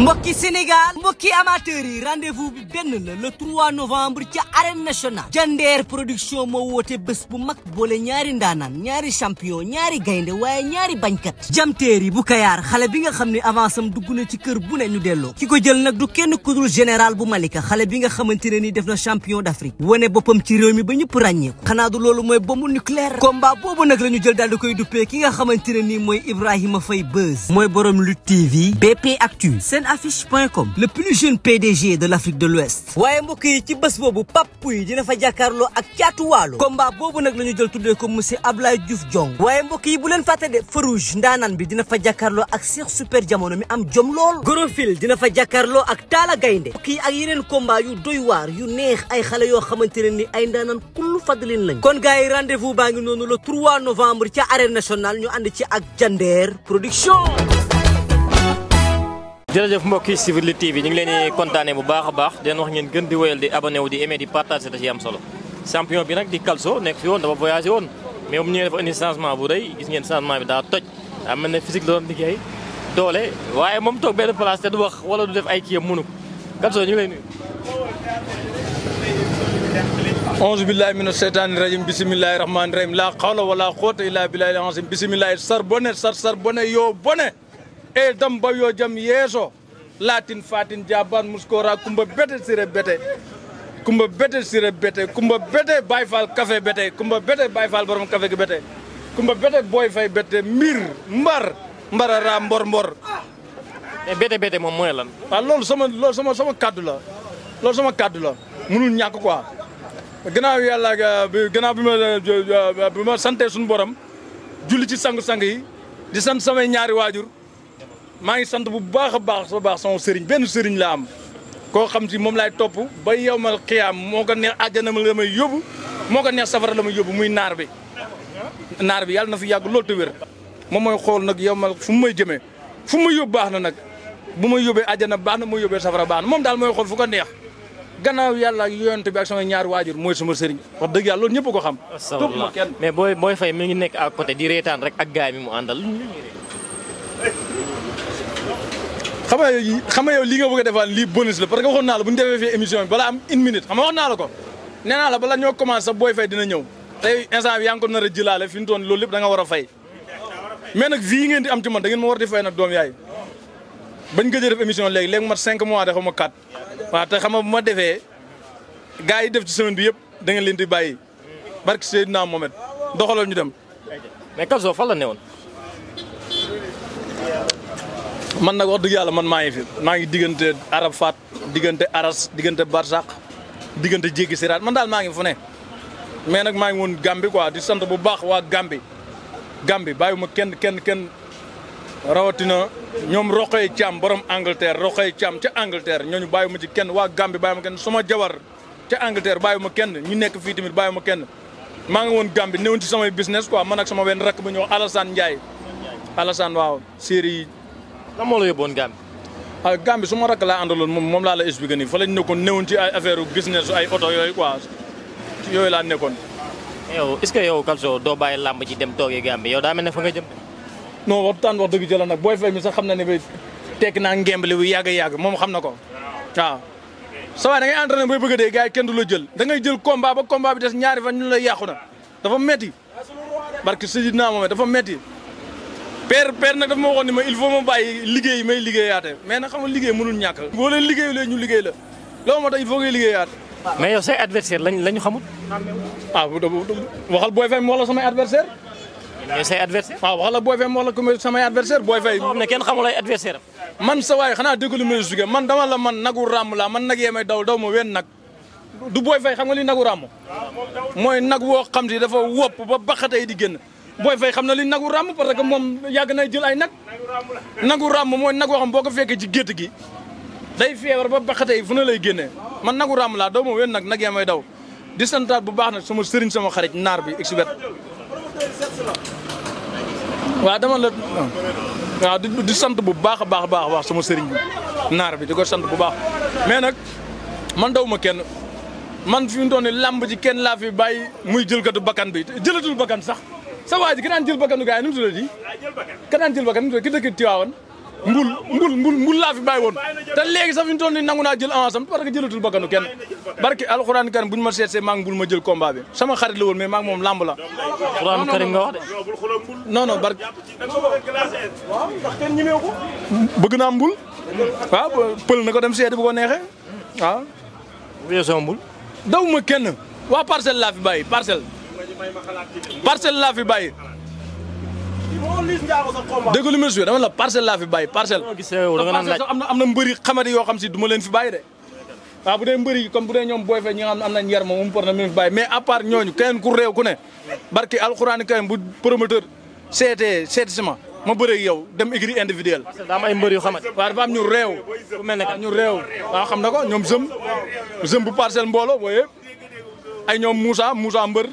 mbokki Sénégal mbokki amateurs yi rendez-vous bi benn la le 3 novembre ci arène nationale Jandeer production moo woote bés bu mag boole ñaari ndaanaan ñaari champion ñaari gaynde waaye ñaari bañkat jamteer yi bu kayaar xale bi nga xam ni avance am dugg na ci kër bu ne ñu delloo ki ko jël nag du kenn kudul général bu Malika xale bi nga xamante ne ni def na champion d'Afrique wane boppam ci réew mi ba ñëpp ràññeeku xanaa du loolu mooy bombu nucléaire combat boobu nag la ñu jël daal di koy duppee ki nga xamante ne nii mooy Ibrahima Faye Beuz mooy borom Lutte TV BP Actu affiche.com le plus jeune PDG de l'Afrique de l'Ouest waaye mbokk yi ci bés boobu Pape dina fa jàkkaarloo ak caatu waalo combat boobu nag lañu jol jël tuddee ko monsieur Ablaye Diouf waaye mbokk yi bu leen fàtte de Farouge ndaanaan bi dina fa jàkkaarloo ak Cheikh Super Jamono mi am jom lool Gorofil dina fa jàkkaarloo ak Talla Gaynde mbokk ak yeneen combat yu doy waar yu neex ay xale yoo xamante ne ni ay ndaanaan kullu fadlin lañ kon gars yi rendez-vous baa ngi noonu le 3 ñu ànd ci ak Jandeer production jërëjëf mbokk yi suivre Lutte TV ñu ngi leen di bu baax a baax di wax ngeen gën di wéyal di abonné wu di aimé di partagé da ci am solo champion bi nag di Calcio nekk fi woon dafa voyagé woon mais moom ñëwee dafa indi changement bu rëy gis ngeen changement bi daa toj daa mel ne physique la doon liggéey doole waaye moom toog benn place te du wax wala du def ay kii mënu ko Calcio ñu ngi lay nuyu auzu billahi mina seytaani rajim bisimilahi rahmaani laa xawla wala xoota illaa billahi azim bisimilahi sar bone sar sar bone yoo bone e dam bayo jam yeeso laatin fatin jaban muskora kumba bete sire bete kumba bete sire bete kumba bete bayfal café bete kumba bete bayfal borom café gi bete kumba bete boy fay bete mbir mbar mbarara mbor mbor mais e bete bete moom mooy lan waaw loolu sama loolu sama sama kaddu la loolu sama kaddu la mënul ñàkk quoi gannaaw yàlla bi ma bi ma sante suñu borom julli ci sangu-sang yi di sant sama ñaari waajur maa ngi sant bu baax a baax sa baax sama sëriñ benn sëriñ la am koo xam si moom laay topp ba yowmal xiyaam moo ko neex àjjana la may yóbbu moo ko neex safara la may yóbbu muy naar bi naar bi yàlla na fi yàgg loolu te moom mooy xool nag yowmal fu mu may jëmee fu mu yóbbu baax na nag bu ma yóbbee àjjana baax na ma yóbbee safara baax na moom daal mooy xool fu ko neex gannaaw yàlla ak yonent bi ak sama ñaar waajur mooy sama sëriñ wax dëgg yàlla loolu ñëpp ko xam topp mais booy booy fay mi ngi nekk à côté di rek ak gaay mi mu àndal xam nga xam nga yow li nga bëgg a defaat lii bonus la parce que waxoon naa la bu ñu defee fii émission bi bala am une minute xam nga naa la ko nee la bala ñoo commencé sa booy fay dina ñëw tey instant bi yaa ko nar a jëlaale fi ñu toon loolu lépp da war a fay mais nag vie ngeen di am ci man da ngeen ma war di fay nag doom yaay bañ gëj a def émission léegi léegi ma cinq mois de xaw ma quatre te xam nga bu ma defee gars yi def ci semaine bi yëpp da ngeen leen di bàyyi barke Seydina Mohamed doxaloo ñu dem mais Kabzo fan la newoon man nag wax dëgg yàlla man maa ngi fi maa ngi diggante Arafat diggante Aras diggante Barzak diggante jéggi siraat man daal maa ngi fu ne mais nag maa ngi woon Gàmbi quoi di sant bu baax waa Gàmbi Gàmbi bàyyiwuma kenn kenn kenn rawatina ñoom Roqoy Thiam borom Angleterre Roqoy Thiam ca Angleterre ñooñu ma ci kenn waa Gàmbi ma kenn sama jabar ca baay ma kenn ñu nekk fii baay ma kenn maa ngi woon Gàmbi néewoon ci samay business quoi man nag sama benn rakk bu ñëw Alassane Ndiaye Alassane waaw série lan moo la yóbboon Gambie. ah su ma rakk laa àndaloon moom moom laa la expliqué nii fa lañ nekkoon néewoon ci ay affaire business ay oto yooyu quoi yooyu laa nekkoon. yow est ce que yow Calcio doo bàyyi làmb ci dem toogee Gambie yow daa ne fa nga jëm. non waxtaan wax dëgg jëla nag booy fay mi sax xam na ne bi tekki naa ngemb li bu yàgg yàgg moom xam na ko waaw. sa waay da ngay entraîné bay bëgg a dee gars yi kenn du la jël da ngay jël combat ba combat bi des ñaari fan ñu la ya na dafa metti barke Sidina moom dafa metti père père nag dafa ma waxoon ni ma il faut ma bàyyi liggéey may liggéeyaate mais nag xam liggéey mënul ñàkk boo leen liggéeyulee ñu liggéey la loolu moo tax il faut ngay liggéeyaat mais yow say adversaire lañ lañu xamul ah waxal Boy Faye mu wax la samay adversaire ñooy say adversaire ah, waaw wax la Boy la ko samay adversaire Boy kenn xamul ay adversaire am man sa waay xanaa dégg lu may man dama la man nagu ràmm laa man nag yee may daw daw ma wenn nag du booy Faye xam nga li nagu ràmm ah, mooy nag woo xam te dafa wopp ba baxatey di génn mooy fay xam na li nagu ràmm parce que moom yàgg nay jël ay nag nagu ràmm mooy nag waxam boo ko fekkee ci gétt gi day feebar ba baxate yi fu na lay génne man nagu ràmm laa daw ma wén nag nag yaa daw di santaat bu baax nag sama sëriñ sama xarit naar bi expert waa dama la waaw di sant bu baax a baax a baax sama sëriñ bi naar bi di ko sant bu baax mais nag man daw ma kenn man fi mu doon ne làmb ji kenn laa fi bàyyi muy jëlkatu bakkan bi jëlatul bakkan sax sa waa ji ka daan jël bakkanu gars yi nu mu tuddati ka daan jël bakkan nu mu Tiwaawan mbul mbul mbul mbul laa fi bàyyi woon te léegi sax fi ñu toll nii nangu naa jël avance am parce que jëlatul bakkanu kenn barki alxuraan karim bu ñu ma seetsee maa mbul ma jël combat sama xarit la woon mais maa moom làmb la alxuraan karim nga wax de non non bëgg naa mbul waaw pël na ko dem seeti bu ko neexee waaw weesoo mbul daw ma kenn waa parcelle laa fi bàyyi parcelle parcelle laa fi bàyyi. dégg lu muy dama la parcelle laa fi bàyyi parcelle. am na am na mbëri xamadi yoo xam si du ma leen fi bàyyi de. waaw bu dee mbëri comme bu dee ñoom booy fee ñi xam nañ yar moom mu por na mi fi bàyyi mais à part ñooñu keneen ku réew ku ne barki alxuraan karim bu promoteur seetee seeti sama ma bëree yow dem écrit individuel. parce que daa am ay mbër yu xamante waaw ñu réew. ku ñu réew. waaw xam na ko ñoom zëm zëm bu parcelle mbooloo booy ay ñoom Moussa Moussa mbër.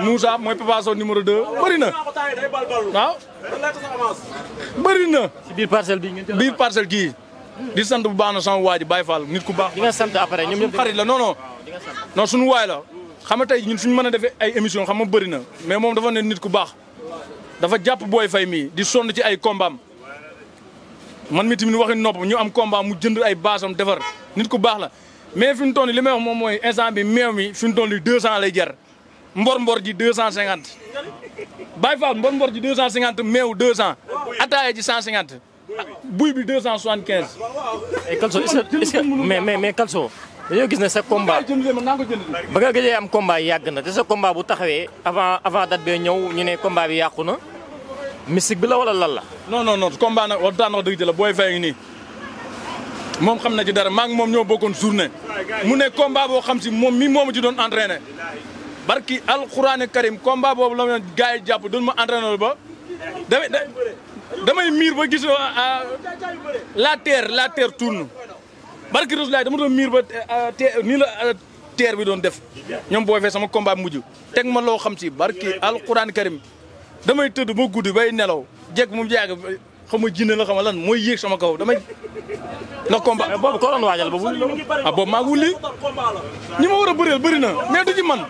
Moussa mooy Papa Sow numéro 2 bëri na waaw bëri na. ci biir parcelle bi ngeen biir parcelle kii di sant bu baax na san waa ji Baye Fall nit ku baax. di sant après ñoom ñëpp xarit la non non. non suñu waay nga tey ñun suñu mën a defee ay émission xam nga bëri na mais moom dafa ne nit ku baax dafa jàpp booy fay mii di sonn ci ay kombaam man mi tamit waxi nopp ñu am combat mu jënd ay baasam defar nit ku baax la mais fi mu toll li may wax moom mooy instant bi meew mi fi mu toll nii 200 lay jar. mbor mbor ji deux cent cinquante Baye Fall mbor mbor ji deux cent cinquante meew deux cent ataaya ji cent cinquante buy bi deux cent soixante quinze eh, Kalso est-ce que mais mais mais Kalso dañoo gis ne sa combat ba nga gëjee am combat yàgg na te sa combat bu taxawee avant avant date bee ñëw ñu ne combat bi yàqu na mystique bi la wala lan la non non non combat nag waxtaan wax dëgg ci la booy fay nii moom xam na ci dara maa ngi moom ñoo bokkoon journée mu ne combat boo xam si moom mi moomu ci doon entraîné barki alxuraani karim combat boobu la ma gars jàpp duñ ma entraîneur ba damay damay miir ba gis ah, la ter la terre tourne barki Rasulaay dama doon miir ba ah, te nii la ah, terre bi doon def ñoom boo fee sama combat mujj teg ma loo xam si barki alxuraani karim damay tëdd ba guddi bay nelaw jekk mu jàgg xam nga jinne la xam lan mooy yéeg sama kaw damay. na combat mais boobu ko doon waajal ba wuli ah boobu maa ñi ma war a bëreel bëri na mais ci man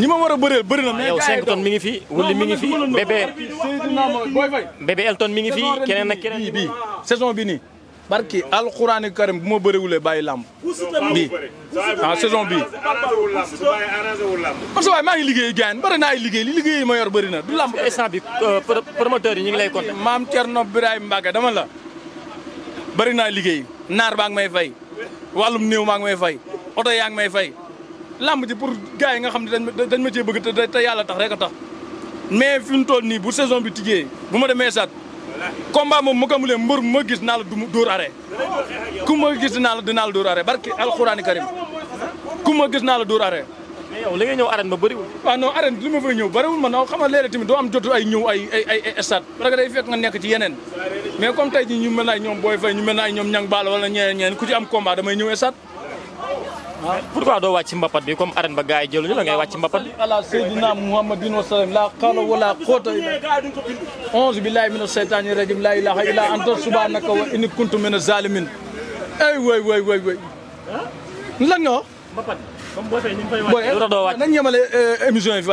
ñi ma war a bëreel bëri na mais yow mi ngi fi wuli mi ngi fi bébé Elton mi ngi fi keneen na keneen bii saison bi nii barki alxuraani karim bu ma bëriwulee bàyyi làmb. bii bi ah, saison bii. parce que waaye maa ngi liggéey gaañ bari naa ay liggéey i liggéey ma yor bëri na du làmb. instant bi euh, promoteur yi ñu ngi lay kontaan. maam Thierno Birahim Mbacké dama la bëri naa liggéey naar baa ngi may fay wàllum néew maa ngi may fay oto yaa ngi may fay lamb ji pour gars yi nga xam ne dañ ma cee bëgg te yàlla tax rek a tax mais fi mu nii bu saison bi tijjee bu ma demee sat combat moom mu ko amulee mbër ma gis naa la du dóor arrêt ku ma gis dinaa la dinaa la dóor arrêt barki alxuraani karim ku ma gis naa la dóor arrêt. mais yow li nga ñëw arène ba bëriwul. waaw ah non li ma fay ñëw bëriwul man xam nga léeg-léeg tamit doo am jotu ay ñëw ay ay ay stade parce que nekk ci yeneen mais comme tey jii ñu mel na ay ñoom Boy Faye ñu mel na ñoom Niang Balla wala ñeneen ñeen ku ci am combat damay ñëw stade Ah. pourquoi doo wàcc mbapat bi comme arène ba gars yi jëluñu la ngay wàcc mbapat bi ala wa sallam la xawla wala quwwata onze billahi mina seytaani rajim la ilaha illa anta subhanaka wa inni kuntu mina zalimin ay way way way way lan nga wax mbapat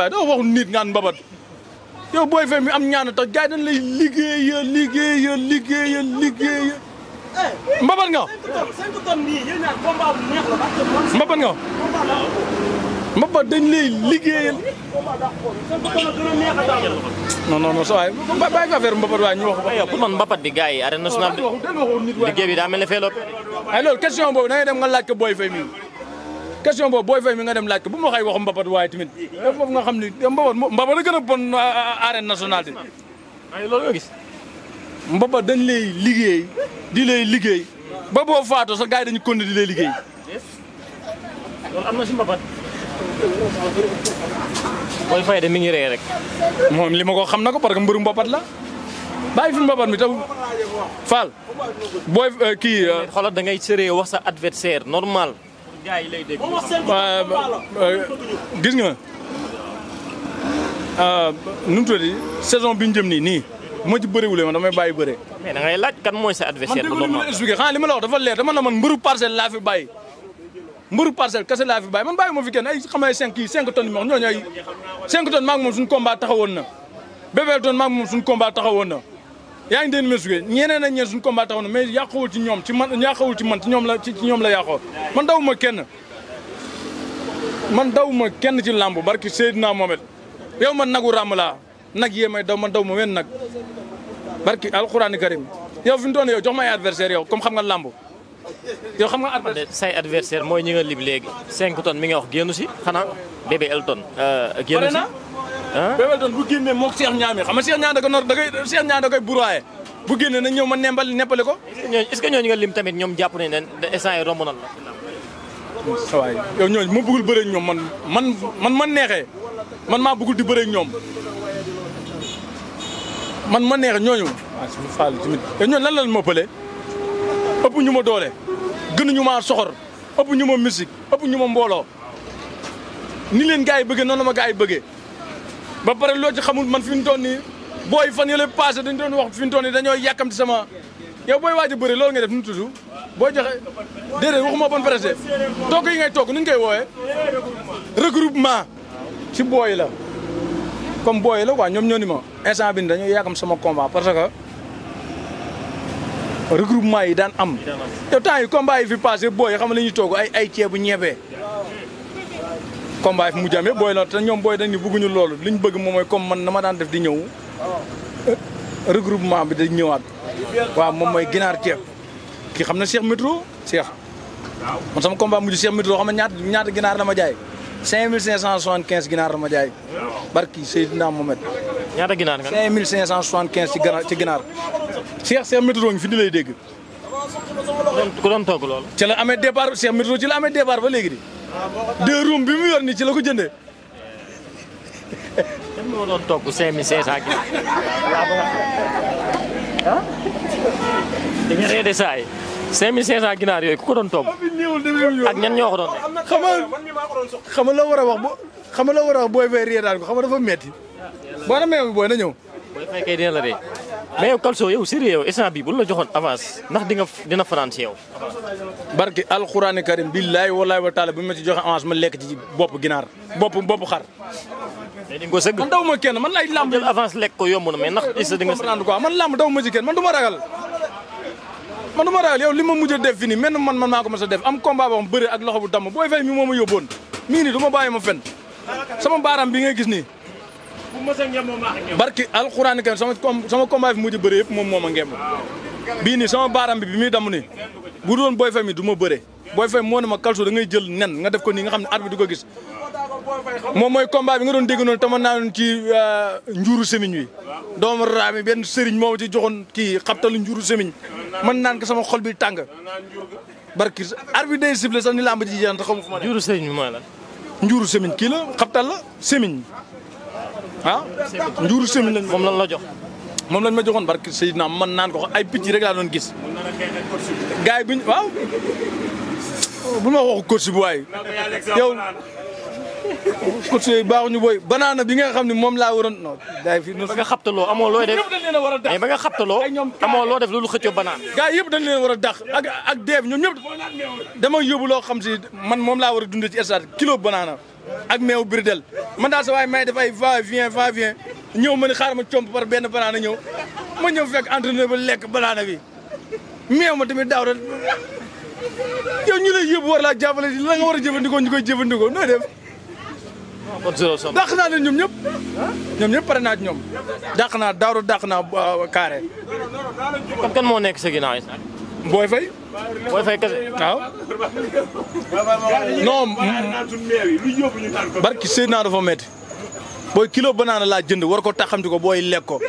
comme euh, nit ngaan mbapat yow booy fee am ñaan tax gars yi dañ liggéeya liggéeya liggéeya mbabat nga. mbabat nga. mbabat dañ lay liggéeyal. non non non saa waay bàyyi ko affaire mbabat waay ñu wax. aywa pour man mbabat bi gars yi arène nationale liggéey bi daa mel ne ay loolu question boobu da dem nga laaj ko Boy Faye mi boobu Boy Faye nga dem laaj ko bu ma waxee waxu mbabat waaye tamit foofu nga xam ni a bon euh, arène nationale bi. dañ lay liggéey. di lay liggéey ba boo faatoo sax gars yi dañu continuer di lay liggéey. loolu am na si mbapat. booy mi ngi rey rek. moom lima ko xam na ko parce que mbëru mbapat la bàyyi fi mbapat mi taw Fall booy euh, kii. Euh, xolot da ngay sëree wax sa adversaire normal. gars yi lay dégg. Euh, gis nga nu mu tuddati saison bi jëm nii nii. bu ma ci bëriwulee man damay bàyyi bëre. mais da ngay laaj kan mooy sa adversaire. man dégg nga expliqué xanaa li ma la wax dafa leer dama ne man mbëru parcelle laa fi bàyyi. mbëru parcelle kese laa fi bàyyi man bàyyi ma fi kenn ay xam ay cinq yi cinq tonnes yi ma wax ñooñu ay cinq tonnes maa ngi moom suñu combat taxawoon na bébé tonnes maa ngi moom suñu combat na yaa ngi dégg mesugee ñeneen ak ñeen suñu combat taxawoon na mais yàqawul ci ñoom ci man yàqawul ci man ci ñoom la ñoom la yàqoo man daw ma kenn man daw ma kenn ci làmb barki Seydina Mohamed yow laa nag yee may daw ma daw ma wenn nag barki alxuraani karim yow fi mu doon yow jox ma adversaire yow comme xam nga làmb yow xam nga adversaire say adversaire mooy ñi nga léegi cinq tonnes mi nga wax génnu si xanaa bébé Elton euh, génnu si bébé Elton bu génnee moo seex Niang mi xam nga Cheikh Niang da ko nor da koy Cheikh bu génne na ñëw ma nembal neppale ko. est-ce que ñooñu nga lim tamit ñoom jàpp nañ leen instant yii romb na la. waaw yow ñooñu ma bëggul bëre ñoom man man man man neexee man maa bëggul di bëre ñoom man ma neex ñooñu. waaw ah, suñu faalu tamit. te ñooñu lan lan ma pële ëpp ñu ma doole gënuñu maa soxor ëpp ñu ma musique ëpp ñu ma mbooloo ni leen gars yi bëggee noonu la ma gars yi bëggee ba pare loo ci xamul man fi mu toll nii booy fan yële passé dañ doon wax fi mu toll nii dañoo yàkkamti sama yow booy waaj a bëri loolu nga def nu mu tudd booy joxe déedéet waxuma bon pressé toog yi ngay toog nu ñu koy woowee regroupement ci booy la. comme booy la waa ñoom ñoo ni ma instant bi ni dañoo yàggam sama combat parce que regroupement yi daan am. te temps yi combat yi fi passé booy yi xam nga la ñuy toog ay ay ceebu ñebee. combat yi fi mu jàmm booy la te ñoom booy dañ ni bëgguñu loolu li ñu bëgg moom mooy comme man na ma daan def di ñëw regroupement bi dañ ñëwaat. waaw moom mooy ginaar ceeb ki xam na Cheikh Métro Cheikh. man sama combat mujj Cheikh Métro xam ñaata ginaar la ma jaay. cinq mille cinq cent soixante quinze ginaar la ma jaay barki Seydina Mohamed. ñaata ginaar nga. cinq mille cinq cent soixante quinze ci ginaar ci ginaar. Cheikh Cheikh Météo ngi fi di lay dégg. ku doon togg loolu. ci la amee départ Cheikh Météo ci la amee bi mu ci la ko jëndee. kenn moo doon togg cinq mille cinq cent ginaar. ah. di yooyu ku ko doon ak ñan ñoo xamal xamal la a wax bo xamal la war a wax booy fay ree daan ko xamal dafa metti boo na meew bi booy na ñëw booy fay kay dina la dee mais yow Kalso yow sérieux yow instant bi bu la joxoon avance ndax di nga dina France yow barke alxuraani karim billaahi wallaahi wa taala bu ma ci joxe lekk ci bopp ginaar bopp bopp xar mais di nga ko sëgg man daw ma kenn man ay lamb jël lekk ko yomb na mais ndax isa di nga comprendre quoi man lamb daw ma ci man du ma ragal man du ma ragal yow li ma mujj def fi nii mel man man maa ko mos a def am combat boo xam bëre ak loxo bu damm booy fay mi moo ma yóbboon mii nii du ma bàyyi ma fen sama baaraam bi ngay gis nii barki alxuraan kan sama sama combat bi mujj bëre yëpp moom moo ma ngemb bii nii sama baaraam bi bi muy damm nii bu doon booy fay mi du ma bëre booy fay ma kalso da ngay jël nen nga def ko nii nga xam ne arbitre du ko gis moom mooy combat bi nga doon dégg noonu tama naanoon ci euh, njuuru semiñ bi doomu raami benn sëriñ moo ci joxoon kii xabtalu njuuru semiñ man naan ko sama xol bi tàng barki arbitre day sifflé sax ni làmb ji jeexante xamu fu ma njuuru semiñ bi mooy njuuru semiñ kii la xabtal la semiñ ah njuuru semiñ lañ moom lan la jox moom lañ ma joxoon barki Seydina man naan ko ay picc rek laa doon gis gars yi biñ waaw bu ma waxu coach bu waay yow coach yooyu baaxuñu booy banaana bi nga xam ne moom laa waroon non. day fi ba nga xabtaloo amoo loo def mais ba nga xabtaloo amoo loo def loolu xëccoo banaan. gars yëpp dañ leen war a dàq ak ak deef ñoom ñëpp dama yóbbu loo xam si man moom laa war a dundee ci stade kilo banaana ak meew biridel man daal sa waaye may def ay va vient va vient ñëw ma ne xaaral ma comp par benn banaana ñëw ma ñëw fekk entraîneur ba lekk banaana bi meew ma tamit daaw rek yow ñu lay yóbbu war laa jàppale la nga war a jëfandikoo ñu koy jëfandikoo nooy dàq naa leen ñoom ñëpp ñoom ñëpp pare naa ci ñoom dàq naa daaru dàq naa carré. Euh, kon kan moo nekk sa ginnaaw Boy Faye. Boy Faye kese waaw. non. barki sëy naa dafa métti. booy kilo banaana laa jënd war ko taxam ci ko booy lekk ko.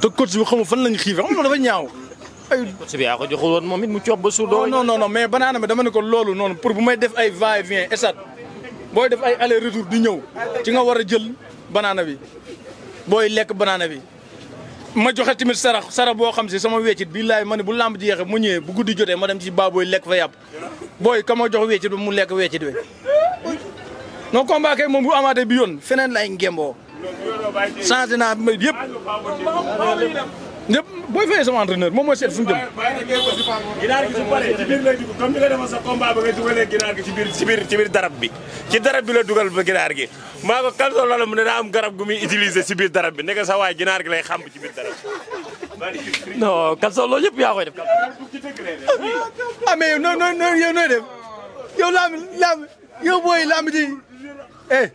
te coach bi xamul fan lañu xiif xam nga dafa ñaaw. ayou coach bi yaa ko joxul moom it mu coob ba suur. non non non mais banaana bi dama ne ko loolu noonu pour bu may def ay va et vient esat booy def ay aller retour di ñëw ci nga war a jël banaana bi booy lekk banaana bi. ma joxe tamit sarax sarax boo xam si sama weccit bi laay ma ne bu làmb ji yeexee mu ñëwee bu guddi jotee ma dem ci baabooy lekk fa yàpp booy ka ma jox weccit bi mu lekk weccit bi non combat moom bu amaatee bi yoon feneen lay ngemboo changé naa yëpp. ñëpp booy fayee sama entraîneur moom mooy seet fu ñu jëm. ginaar gi su sa combat ba gi ci biir ci biir ci biir darab bi. ci darab bi la dugal ba ginaar gi maa ko kalsoo loola mu ne daa am garab gu muy utiliser ci biir darab bi nekk sa waay ginaar gi lay xam ci biir darab bi. non kalsoo loolu yëpp yaa koy def. ah mais yow nooy nooy yow nooy def yow lamb yow booy lamb ji eh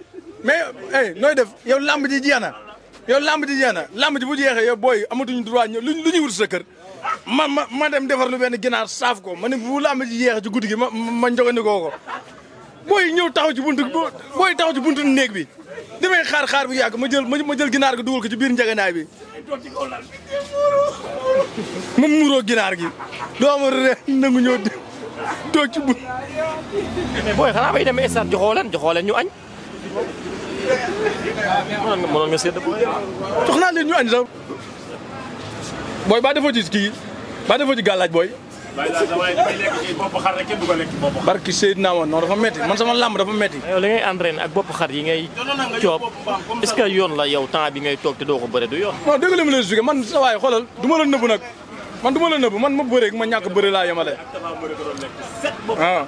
mais eh def yow lamb ji jeex yow lamb ji jeex na lamb ji bu jeexee yow booy amatuñu droit ñëw lu ñu wut sa kër ma ma ma dem defar lu benn ginaar saaf ko ma ne bu lamb ji jeexee ci guddi gi ma ma njogandikoo ko booy ñëw taxaw ci buntu booy taxaw ci buntu néeg bi damay xaar xaar bu yàgg ma jël ma jël ginaar gi dugal ko ci biir njaganaay bi ma muuroo ginaar gi dooma re nangu ñëw toog ci buntu booy xanaa bay dem stade joxoo leen joxoo leen ñu añ mënoon nga sedd bu jox naa leen ñu añ sax. booy ba defoo ci kii ba defoo ci gàllaaj booy. waaye daal waaye damay lekk dafa metti man sama làmb dafa metti. yow li ngay ak bopp xar yi ngay coob est que yoon la yow temps bi ngay toog te doo ko bëre du yoon. dëgg la ma lay expliqué man sa waay xoolal ma la nëbb nag man du la nëbb man ma bëreeg ma ñàkk bëre laa yemale. ah.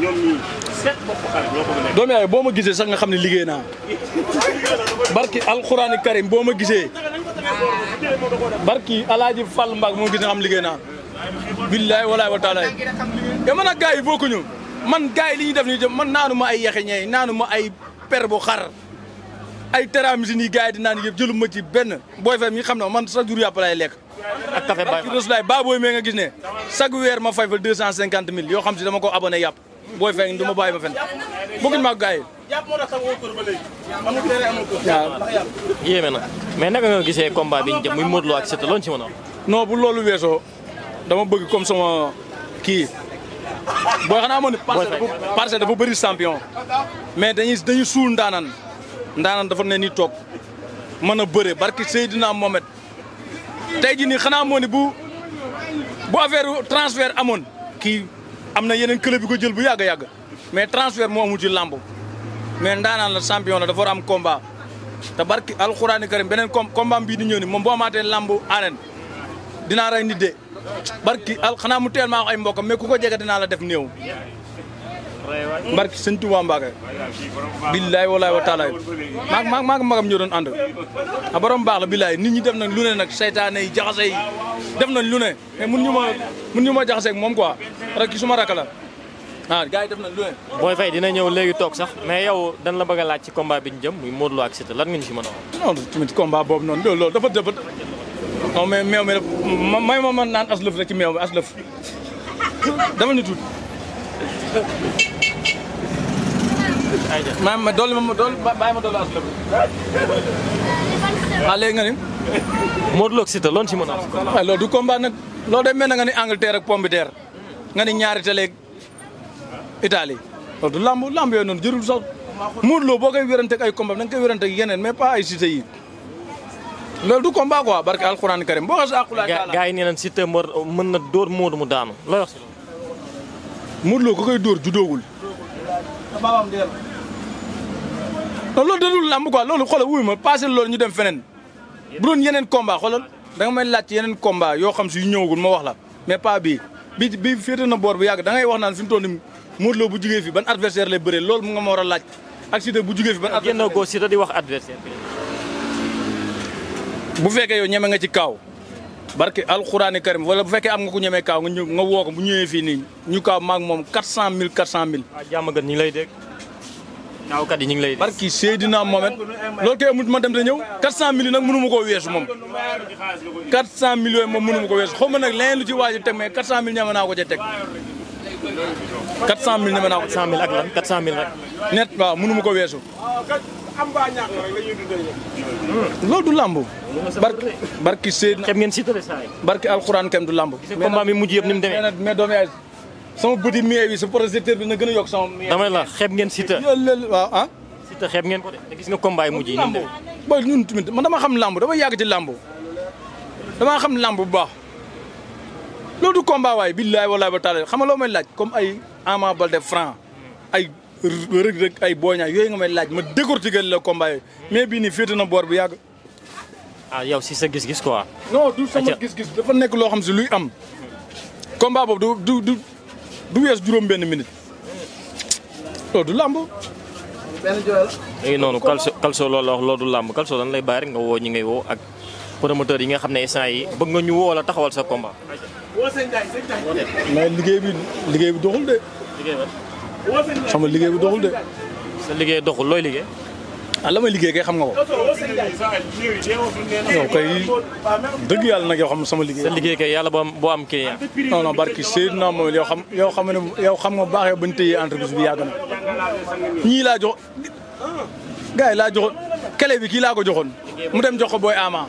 ñoom ñii yaay boo ma gisee sax nga xam ne liggéey naa barki alxuraani karim boo ma gisee barki alaaji Fall Mbaag moo gis nga xam liggéey naa. billaay walaay wa taalaay. te man ak gars yi bokku ñu man gars yi li ñuy def nii man naanu ma ay yaxe ñeey naanu ma ay per bo xar ay teraamisi nii gars yi di naan yëpp ma ci benn booy fam yi xam na man sa jour yàpp laay lekk. ak café Baye Fall Rouselaye booy mee nga gis ne chaque weer ma fay fa deux cent cinquante mille yoo xam si dama ko abonné yàpp booy fay du ma bàyyi ma fen bëgguñ ma gars yéeme na mais naka nga gisee combat bi ñu jëm muy Modou Lo ak Siteu loolu ci mën a non bu loolu weesoo dama bëgg comme sama kii booy xanaa amoon parcelle dafa bëri champion mais dañuy dañuy suul ndaanan ndaanan dafa ne ni toog mën a bëre barki Seydina Mohamed tey jii nii xanaa moo ne bu bu affaire transfert amoon kii am na yeneen club bi ko jël bu yàgg a yàgg mais transfert moo amul ci làmb mais ndaanaan la champion la dafa am combat te barki alxuraani karim beneen combat bii di ñëw ni moom boo amaatee làmb arène dinaa ni nit de barki al xanaa mu teel maa wax ay mbokam mais ku ko jege dinaa la def néew. mbarki sëñ Tuubaa Mbàkke billaay walaay wa taalaay maa maa maa magam ñoo doon ànd a borom baax la billaay nit ñi def na lu ne nag seytaane yi jaxase yi def nañ lu ne mun ñu ma mun ñu ma jaxase ak moom quoi rek ki suma la ah gars yi def na lu ne booy fay dina ñëw léegi toog sax mais yow dan la bëgg a laaj ci combat bi ñu jëm muy Modou Lo ak Siteu lan nga ñu si mën a wax non tamit combat boobu noonu loolu loolu dafa dafa non mais meew mi rek may ma man naan aslëf rek ci meew mi maa ma dolli ma dolli bàyyi ma dolli as lëb. ah léegi nga ni. Modou Lo ak Siteu loolu ci mën a am. Ah, loolu du combat nag loolu day mel na nga ni Angleterre ak Pombiteer nga ni ñaari télé Italie loolu du lamb lamb yooyu noonu jërul sax Modou Lo boo koy wéranteeg ay combat da nga koy wéranteeg yeneen mais pas ay Siteu yi. loolu du combat quoi barke alxuraan karim boo xasee àqulaay. gaa gaa yi nee nañ Siteu mbër mën na dóor Modou mu daanu looy wax si loolu. Modou Lo ku koy dóor judoogul. loolu loolu dadul làmb quoi loolu xoolal wuy ma passé loolu ñu dem feneen bu doon yeneen combat xoolal da may laaj yeneen combat yoo xam si yu ñëwagul ma wax la mais pas bii bi bi féete na boor bu yàgg da ngay wax naan fi mu toll nii Lo bu jugee fi ban adversaire lay bëree loolu mu nga ma a laaj ak Siteu bu jugee fi ban adversaire génnagoo Siteu di wax adversaire bu fekkee yow ñeme nga ci kaaw barke alxuraani karim wala bu fekkee am nga ku ñemee kaaw nga ñëw nga woo ko bu ñëwee fii nii ñu kaaw maag moom 400000 ah, ñi lay dégg. naawkat yi ñu ngi lay. barki Seydina Mohamed loolu kay amut ma dem te ñëw 400 millions nag mënu ma koo weesu moom. 400 millions moom mënu ma ko weesu xaw ma nag leneen lu ci waaj a teg mais 400 millions ñeme naa ko ca teg. 400 millions ñeme naa ko 400 net waaw mënu ma ko weesu. loolu du lamb. barki barki Seydina. xam ngeen si tëddee saa yi. barki alxuraan du lamb. combat mi mujj yëpp ni mu demee sama bëti mie bi sa projecteur bi na gën a yokk sama mie. damay la xeeb ngeen Siteu waaw ah. Siteu xeeb ngeen ko de gis nga combat yi mujj yi. dama xam lamb dafa yàgg ci làmb damaa xam lamb bu baax loolu du combat waay billaay walaay ba taala xam nga loo may laaj comme ay Ama Baldé Franc ay Reug ay Boña yooyu nga may laaj ma décortiquer la combat yooyu mais bii nii féete na boor bu yàgg. Ah, yow si sa gis-gis quoi. non du sama gis-gis dafa nekk loo xam si luy am. combat boobu du. du wees juróom benn minute loolu làmb. benn noonu Calcio Calcio loolu la wax loolu làmb Calcio lay baar rek nga woo ñi ngay woo ak promoteur yi nga xam ne instant yi bëgg nga ñu woo la taxawal sa combat. mais liggéey bi liggéey bi doxul de. liggéey sama liggéey bi doxul de. sa liggéey doxul looy liggéey. ah la may liggéey kay xam nga ko. dëgg yàlla nag yoo xam sama liggéey. sa liggéey yàlla boo am boo am client. non non barki Seydina Mohamed yoo xam yoo xam ne yow xam nga bu baaxee bañ tëyee entreprise bi yàgg na ñii laa jox gars laa joxoon kele kii laa ko joxoon mu dem jox ko booy ama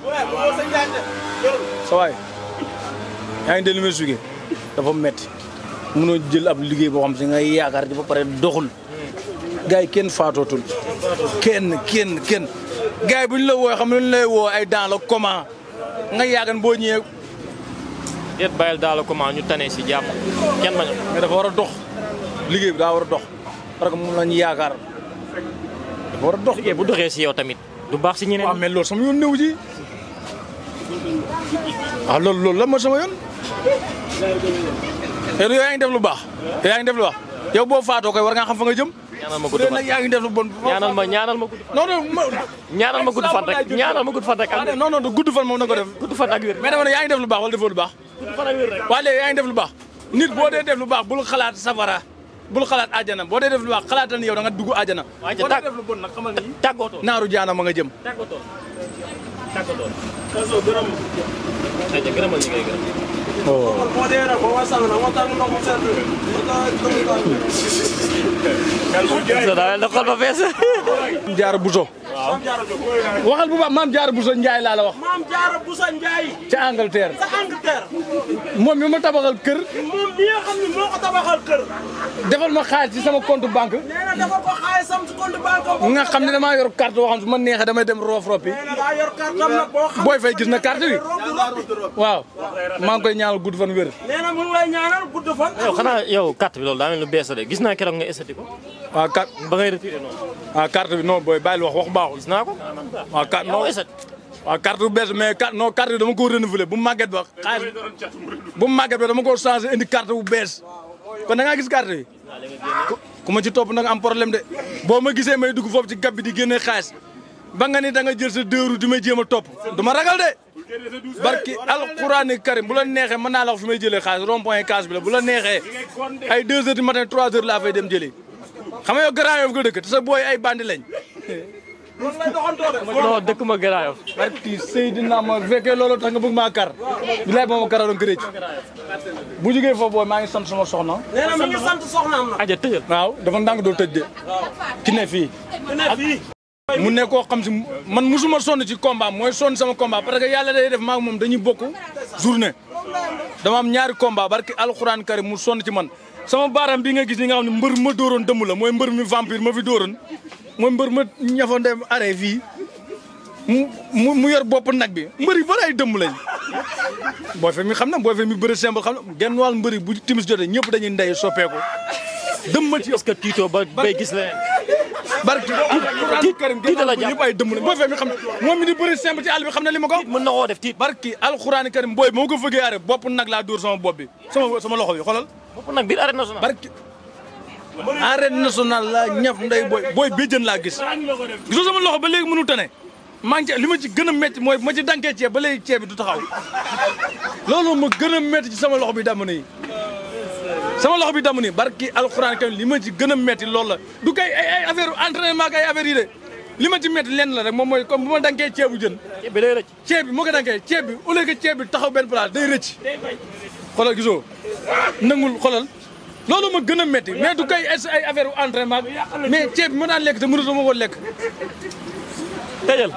sa waay yaa ngi déglu ma dafa metti mënoo jël ab liggéey boo xam si nga yaakaar ba pare doxul gars yi kenn faatootul. kenn kenn kenn gars yi bu ñu la woo xam ne ñu lay woo ay dans le comment nga yaagan boo ñëwee. déet bàyyil dans le comment ñu tane si jàmm kenn bañ mais dafa war a dox liggéey bi daa war a dox parce que moom la ñu yaakaar dafa war a dox. liggéey bu doxee si yow tamit du baax si ñeneen. waaw mais loolu sama yoon néew ji waaw ah, loolu loolu lan ma sama yoon. yow yaa ngi def lu baax. yaa ngi def lu baax yow boo faatoo koy war nga xam fa nga jëm. ñaanal ma gudd fan yaa ngi def lu bon. ñaanal ma ñaanal ma gudd fan. non non ñaanal ma gudd fan rek ñaanal ma gudd fan rek. waaw non gudd fan moom na ko def. gudd fan ak wér. mais dama ne yaa ngi def lu baax wala defoo lu baax. gudd fan ak wér rek. waaye nit boo dee def lu baax bul xalaat safara bul xalaat àjjana boo dee def lu baax xalaatal ni yow da nga dugg àjjana. waaye ca tàgg boo dee def lu tàggatoo naaru jaana ma nga jëm. tàggatoo tàggatoo. daal na xol ba fees. jaar Diarra Bousso. waxal bu baax maam Diarra Bousso Ndiaye laa la wax. maam Diarra Bousso Ndiaye. ca Angleterre. ca Angleterre. moom mi ma tabaxal kër. moom defal ma xaalis ci sama compte banque. nee nga xam ne damaa yor carte boo xam ne su ma neexee damay dem roof ropi. nee na daa gis na carte bi. waaw maa koy ñaan. ñaanal gudd fan wér. nee na mu ngi lay ñaanal gudd fan. yow xanaa yow carte bi loolu daa mel lu bees la de gis naa keroog nga essati ko. waaw ah, carte ba ngay retiré noonu. waaw ah, carte bi non booy bàyyil wax wax baaxul. gis naa ko waaw ah, carte non waaw carte bu bees mais carte non carte bi dama ko renouveler bu mu màgget ba xaalis bu mu màgget ba dama ko changé indi carte bu bees kon da ngaa gis carte bi. ku ma ci topp nag am problème de boo ma gisee may dugg foofu ci gab bi di génne xaalis ba nga ni da nga jël sa deux roues di ma jéem a topp du ma ragal de. barki alquran karim bu la neexee mën naa la wax fi may jëlee xaalis rond point case bi la bu la neexee ay 2 heures du matin 3 heures laa fay dem jëlee xam nga yow Grand dëkk te sa booy ay bandi lañ. non dëkk ma Grand Yoff. barki Seydina ma fekkee loolu tax nga bëgg maa kar. bi laay moom a kararoon gërëj. bu jógee foofu booy maa ngi sant sama soxna. aja tëjal waaw dafa ndànk doo tëj de. ki ne fii. mu ne koo xam si man musuma sonn ci combat mooy sonn sama combat parce que yàlla day def maak moom dañuy bokk journée dama am ñaari combat barki alxuraan karim mu sonn ci man sama baaraam bi nga gis ni nga xam ne mbër ma dóoroon dëmm la mooy mbër mi vampire ma fi dóoroon mooy mbër ma ñafa dem aree fii mu mu yor bopp nag bi mbër yi bari ay dëmm lañ boo fe mi xam na booy mi bëri simple xam na genn wàll mbëri bu timis jotee ñëpp dañuy ndey soppeeku dëmm ma ci est ba gis la barki tiit tiit la jàpp ay dëmm la boo ne moom mi di bëri simple ci li ma ko mën na koo def tiit barki alxuraani karim booy moo ko fëggee aare bopp nag laa dóor sama bopp bi sama sama bi xoolal bopp nag biir arène nationale barki arène nationale la ñaf nday booy booy bii jën laa loxo ba léegi mënu tane maa ngi li ma ci gën a métti mooy ma ci dankee ceeb ba léegi ceeb bi du taxaw loolu ma gën a métti ci sama loxo bi dama yi sama loxo bi damm ni barki alxuraan kan li ma ci gën a metti loolu la du kay ay ay affaire entraînement kay affaire de li ma ci metti lenn la rek moom mooy comme bu ma dankee ceebu jën ceeb bi day rëcc ceeb bi moo ko dankee ceeb bi au lieu que ceeb bi taxaw benn place day rëcc xoolal gisoo nangul xoolal loolu ma gën a metti mais du kay ay affaire entraînement mais ceeb bi ma daan lekk te mënatuma ko lekk tëjal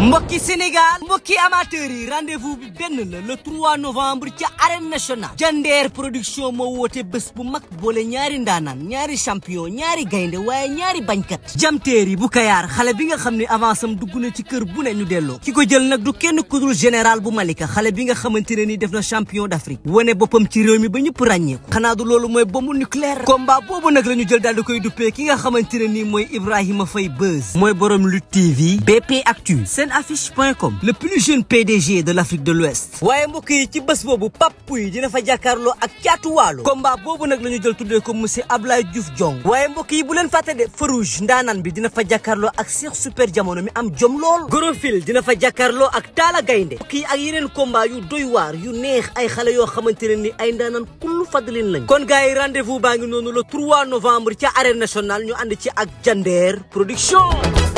mbokki Sénégal mbokki amateurs yi rendez-vous bi benn la le 3 novembre ci arène nationale Jandeer production moo woote bés bu mag boole ñaari ndaanaan ñaari champion ñaari gaynde waaye ñaari bañkat jamteer yi bu kayaar xale bi nga xam ni avance am dugg na ci kër bu ne ñu delloo ki ko jël nag du kenn kudul général bu Malika xale bi nga xamante ne ni def na champion d'Afrique wane boppam ci réew mi ba ñëpp ràññeeku xanaa du loolu mooy bombu nucléaire combat boobu ñu jël daal di koy ki nga xamante ne nii mooy Ibrahima Ibrahima Faye Buzz mooy borom Lutte TV BP Actu seen affiche point com le plus jeune PDG de l' Afrique de l'Ouest waaye mbokk yi ci bés boobu pap yi dina fa jàkkaarloo ak caatu waalo combat boobu nag la ñu jël tuddee ko monsieur Ablaye Diouf Diong waaye mbokk yi bu leen fàtte de Farouge ndaanan bi dina fa jàkkaarloo ak Cheikh Super Jamono am jom lool Gorofil dina fa jàkkaarloo ak Talla Gaynde mbokk ak yeneen combat yu doy waar yu neex ay xale yoo xamante ne ni ay ndaanan kullu fadlin lañ kon gars yi rendez-vous baa ngi noonu le 3 novembre ca arène nationale ñu ànd ci ak jande Air Production